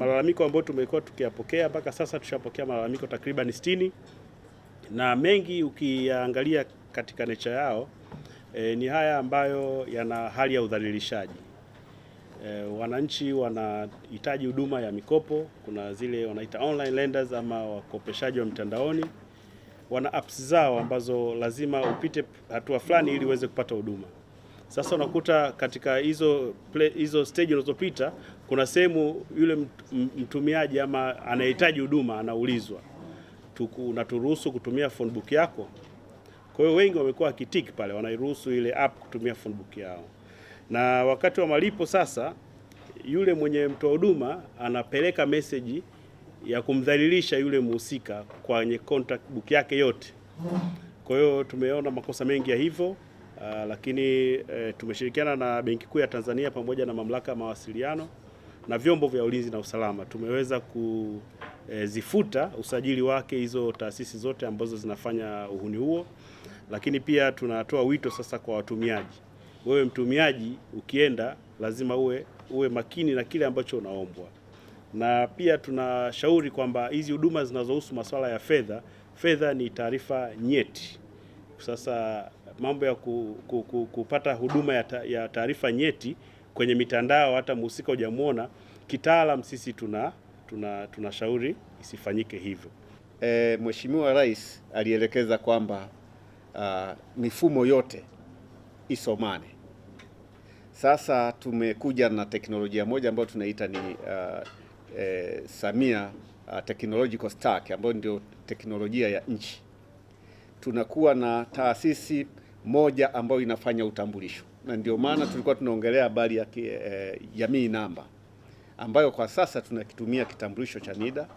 malalamiko ambayo tumekuwa tukiyapokea mpaka sasa, tushapokea malalamiko takriban 60 na mengi ukiangalia katika necha yao e, ni haya ambayo yana hali ya udhalilishaji. E, wananchi wanahitaji huduma ya mikopo. Kuna zile wanaita online lenders ama wakopeshaji wa mtandaoni, wana apps zao ambazo lazima upite hatua fulani ili uweze kupata huduma. Sasa unakuta katika hizo hizo stage ulizopita, kuna sehemu yule mtumiaji ama anayehitaji huduma anaulizwa na turuhusu kutumia phone book yako. Kwa hiyo wengi wamekuwa wakitiki pale, wanairuhusu ile app kutumia phone book yao, na wakati wa malipo sasa yule mwenye mtoa huduma anapeleka meseji ya kumdhalilisha yule mhusika kwenye contact book yake yote. Kwa hiyo tumeona makosa mengi ya hivyo. Uh, lakini e, tumeshirikiana na Benki Kuu ya Tanzania pamoja na mamlaka ya mawasiliano na vyombo vya ulinzi na usalama tumeweza kuzifuta eh, e, usajili wake hizo taasisi zote ambazo zinafanya uhuni huo. Lakini pia tunatoa wito sasa kwa watumiaji, wewe mtumiaji ukienda lazima uwe, uwe makini na kile ambacho unaombwa, na pia tunashauri kwamba hizi huduma zinazohusu masuala ya fedha, fedha ni taarifa nyeti sasa mambo ya ku, ku, ku, kupata huduma ya taarifa nyeti kwenye mitandao, hata mhusika hujamuona, kitaalam sisi tuna tunashauri tuna isifanyike hivyo. E, Mheshimiwa Rais alielekeza kwamba uh, mifumo yote isomane. Sasa tumekuja na teknolojia moja ambayo tunaita ni uh, eh, Samia uh, Technological Stack ambayo ndio teknolojia ya nchi tunakuwa na taasisi moja ambayo inafanya utambulisho, na ndio maana tulikuwa tunaongelea habari ya eh, jamii e, namba ambayo kwa sasa tunakitumia kitambulisho cha NIDA,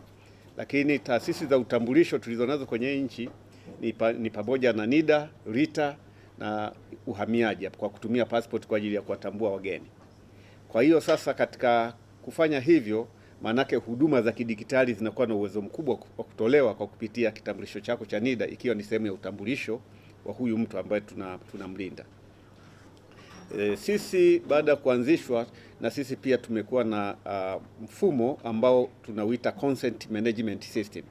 lakini taasisi za utambulisho tulizonazo kwenye nchi ni, pa, ni pamoja na NIDA, RITA na uhamiaji kwa kutumia passport kwa ajili ya kuwatambua wageni. Kwa hiyo sasa katika kufanya hivyo maanake huduma za kidijitali zinakuwa na uwezo mkubwa wa kutolewa kwa kupitia kitambulisho chako cha NIDA, ikiwa ni sehemu ya utambulisho wa huyu mtu ambaye tunamlinda. Tuna e, sisi baada ya kuanzishwa na sisi pia tumekuwa na uh, mfumo ambao tunauita consent management system.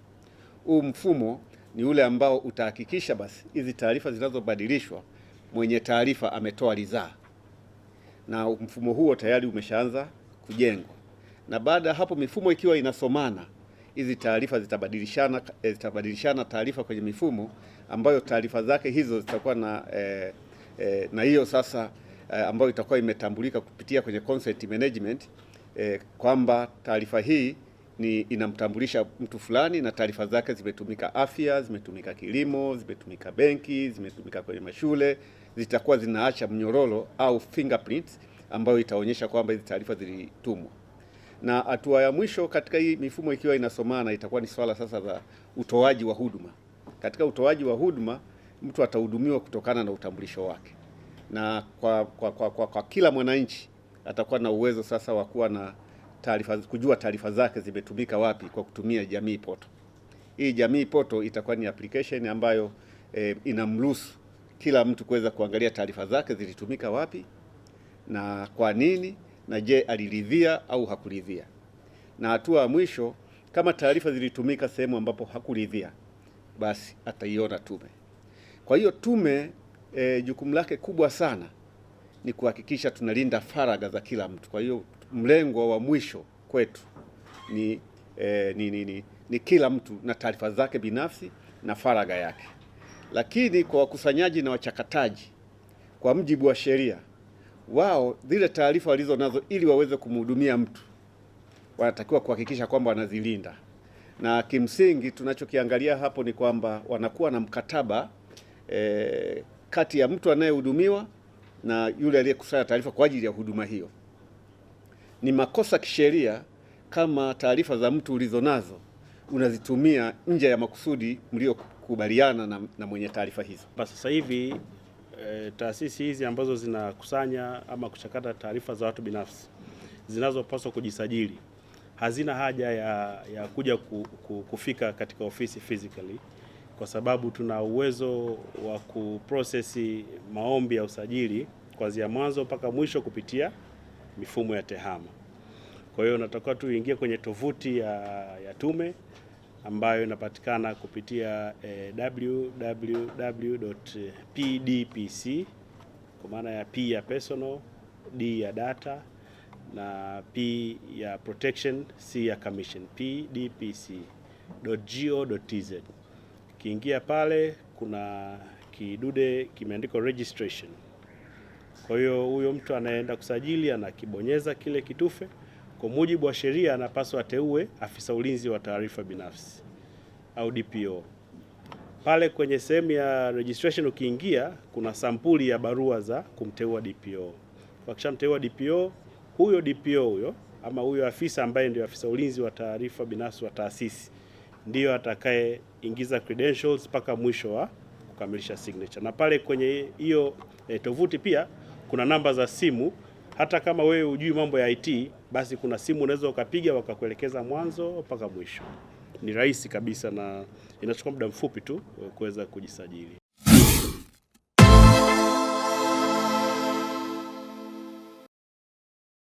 Huu mfumo ni ule ambao utahakikisha basi hizi taarifa zinazobadilishwa mwenye taarifa ametoa ridhaa, na mfumo huo tayari umeshaanza kujengwa na baada ya hapo mifumo ikiwa inasomana hizi taarifa zitabadilishana, eh, zitabadilishana taarifa kwenye mifumo ambayo taarifa zake hizo zitakuwa na eh, eh, na hiyo sasa eh, ambayo itakuwa imetambulika kupitia kwenye consent management eh, kwamba taarifa hii ni inamtambulisha mtu fulani na taarifa zake zimetumika afya, zimetumika kilimo, zimetumika benki, zimetumika kwenye mashule, zitakuwa zinaacha mnyororo au fingerprints ambayo itaonyesha kwamba hizi taarifa zilitumwa na hatua ya mwisho katika hii mifumo ikiwa inasomana itakuwa ni swala sasa la utoaji wa huduma. Katika utoaji wa huduma, mtu atahudumiwa kutokana na utambulisho wake, na kwa, kwa, kwa, kwa, kwa kila mwananchi atakuwa na uwezo sasa wa kuwa na taarifa, kujua taarifa zake zimetumika wapi kwa kutumia jamii poto. Hii jamii poto itakuwa ni application ambayo eh, inamruhusu kila mtu kuweza kuangalia taarifa zake zilitumika wapi na kwa nini na je, aliridhia au hakuridhia. Na hatua ya mwisho, kama taarifa zilitumika sehemu ambapo hakuridhia, basi ataiona tume. Kwa hiyo tume e, jukumu lake kubwa sana ni kuhakikisha tunalinda faragha za kila mtu. Kwa hiyo mlengwa wa mwisho kwetu ni, e, ni, ni, ni, ni kila mtu na taarifa zake binafsi na faragha yake. Lakini kwa wakusanyaji na wachakataji, kwa mujibu wa sheria wao zile taarifa walizo nazo ili waweze kumhudumia mtu wanatakiwa kuhakikisha kwamba wanazilinda, na kimsingi tunachokiangalia hapo ni kwamba wanakuwa na mkataba e, kati ya mtu anayehudumiwa na yule aliyekusanya taarifa kwa ajili ya huduma hiyo. Ni makosa kisheria kama taarifa za mtu ulizo nazo unazitumia nje ya makusudi mliokubaliana na, na mwenye taarifa hizo. Sasa hivi Eh, taasisi hizi ambazo zinakusanya ama kuchakata taarifa za watu binafsi zinazopaswa kujisajili hazina haja ya, ya kuja ku, ku, kufika katika ofisi physically kwa sababu tuna uwezo wa kuprosesi maombi ya usajili kuanzia mwanzo mpaka mwisho kupitia mifumo ya TEHAMA. Kwa hiyo natakiwa tu uingie kwenye tovuti ya, ya tume ambayo inapatikana kupitia eh, www.pdpc kwa maana ya P ya personal, D ya data na P ya protection, C ya commission, pdpc.go.tz. kiingia pale kuna kidude kimeandikwa registration. Kwa hiyo huyo mtu anaenda kusajili anakibonyeza kile kitufe kwa mujibu wa sheria, anapaswa ateue afisa ulinzi wa taarifa binafsi au DPO. Pale kwenye sehemu ya registration ukiingia, kuna sampuli ya barua za kumteua DPO. akishamteua DPO, huyo DPO huyo ama huyo afisa ambaye ndio afisa ulinzi wa taarifa binafsi wa taasisi ndiyo atakayeingiza credentials mpaka mwisho wa kukamilisha signature. Na pale kwenye hiyo eh, tovuti pia kuna namba za simu hata kama wewe hujui mambo ya IT, basi kuna simu unaweza ukapiga wakakuelekeza mwanzo mpaka mwisho. Ni rahisi kabisa na inachukua muda mfupi tu kuweza kujisajili.